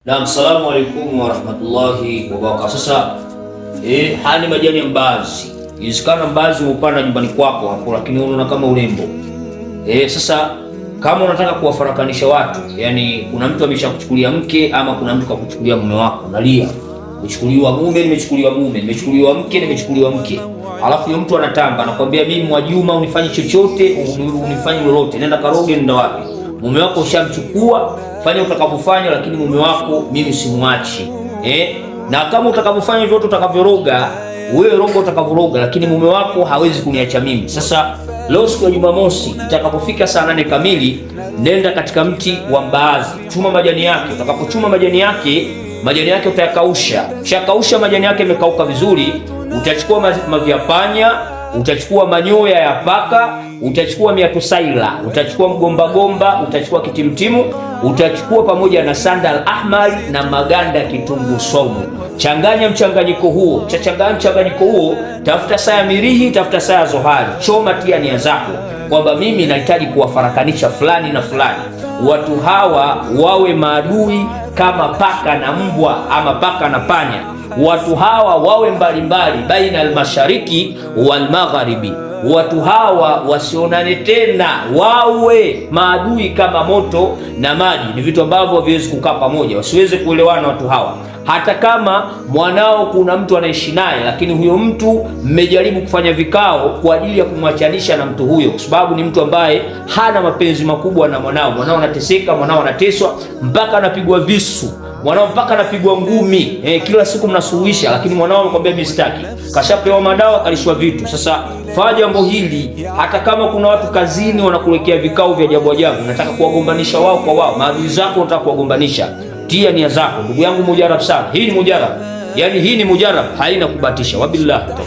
Naam, salamu alaykum wa rahmatullahi wa barakatuh. Sasa eh, hani majani ya mbaazi. Inawezekana mbaazi upanda nyumbani kwako hapo, lakini unaona kama urembo. Eh, sasa kama unataka kuwafarakanisha watu, yani kuna mtu ameshakuchukulia mke ama kuna mtu kakuchukulia mume wako, nalia. Nimechukuliwa mume, nimechukuliwa mume, nimechukuliwa mke, nimechukuliwa mke. Alafu yule mtu anatamba, anakuambia mimi Mwajuma, unifanye chochote, unifanye lolote. Nenda karoge, nenda wapi? Mume wako ushamchukua, fanya utakavyofanya, lakini mume wako mimi simwachi eh? Na kama utakavyofanya vyote, utakavyoroga wewe, roga utakavyoroga, lakini mume wako hawezi kuniacha mimi. Sasa leo siku ya Jumamosi itakapofika saa nane kamili, nenda katika mti wa mbaazi, chuma majani yake. Utakapochuma majani yake, majani yake utayakausha. Ukishakausha majani yake yamekauka vizuri, utachukua mavyapanya utachukua manyoya ya paka, utachukua miatusaila, utachukua mgombagomba, utachukua kitimtimu, utachukua pamoja na sandal ahmari na maganda ya kitungu saumu. Changanya mchanganyiko huo, chachanganya mchanganyiko huo, tafuta saa mirihi, tafuta saa zohari, choma, tia nia zako kwamba mimi nahitaji kuwafarakanisha fulani na fulani, watu hawa wawe maadui kama paka na mbwa ama paka na panya. Watu hawa wawe mbalimbali baina almashariki walmagharibi watu hawa wasionane tena, wawe maadui kama moto na maji. Ni vitu ambavyo haviwezi kukaa pamoja, wasiweze kuelewana watu hawa. Hata kama mwanao kuna mtu anaishi naye, lakini huyo mtu mmejaribu kufanya vikao kwa ajili ya kumwachanisha na mtu huyo, kwa sababu ni mtu ambaye hana mapenzi makubwa na mwanao. Mwanao anateseka, mwanao anateswa mpaka anapigwa visu mwanao mpaka anapigwa ngumi eh, kila siku mnasuluhisha, lakini mwanao amekwambia mimi sitaki. Kashapewa madawa, kalishwa vitu. Sasa fanya jambo hili, hata kama kuna watu kazini wanakuwekea vikao vya ajabu ajabu, nataka kuwagombanisha wao kwa wao, maadui zako nataka kuwagombanisha, tia nia zako, ndugu yangu, mujarab sana. Hii ni mujarab, yani hii ni mujarab, haina kubatisha. Wabillah.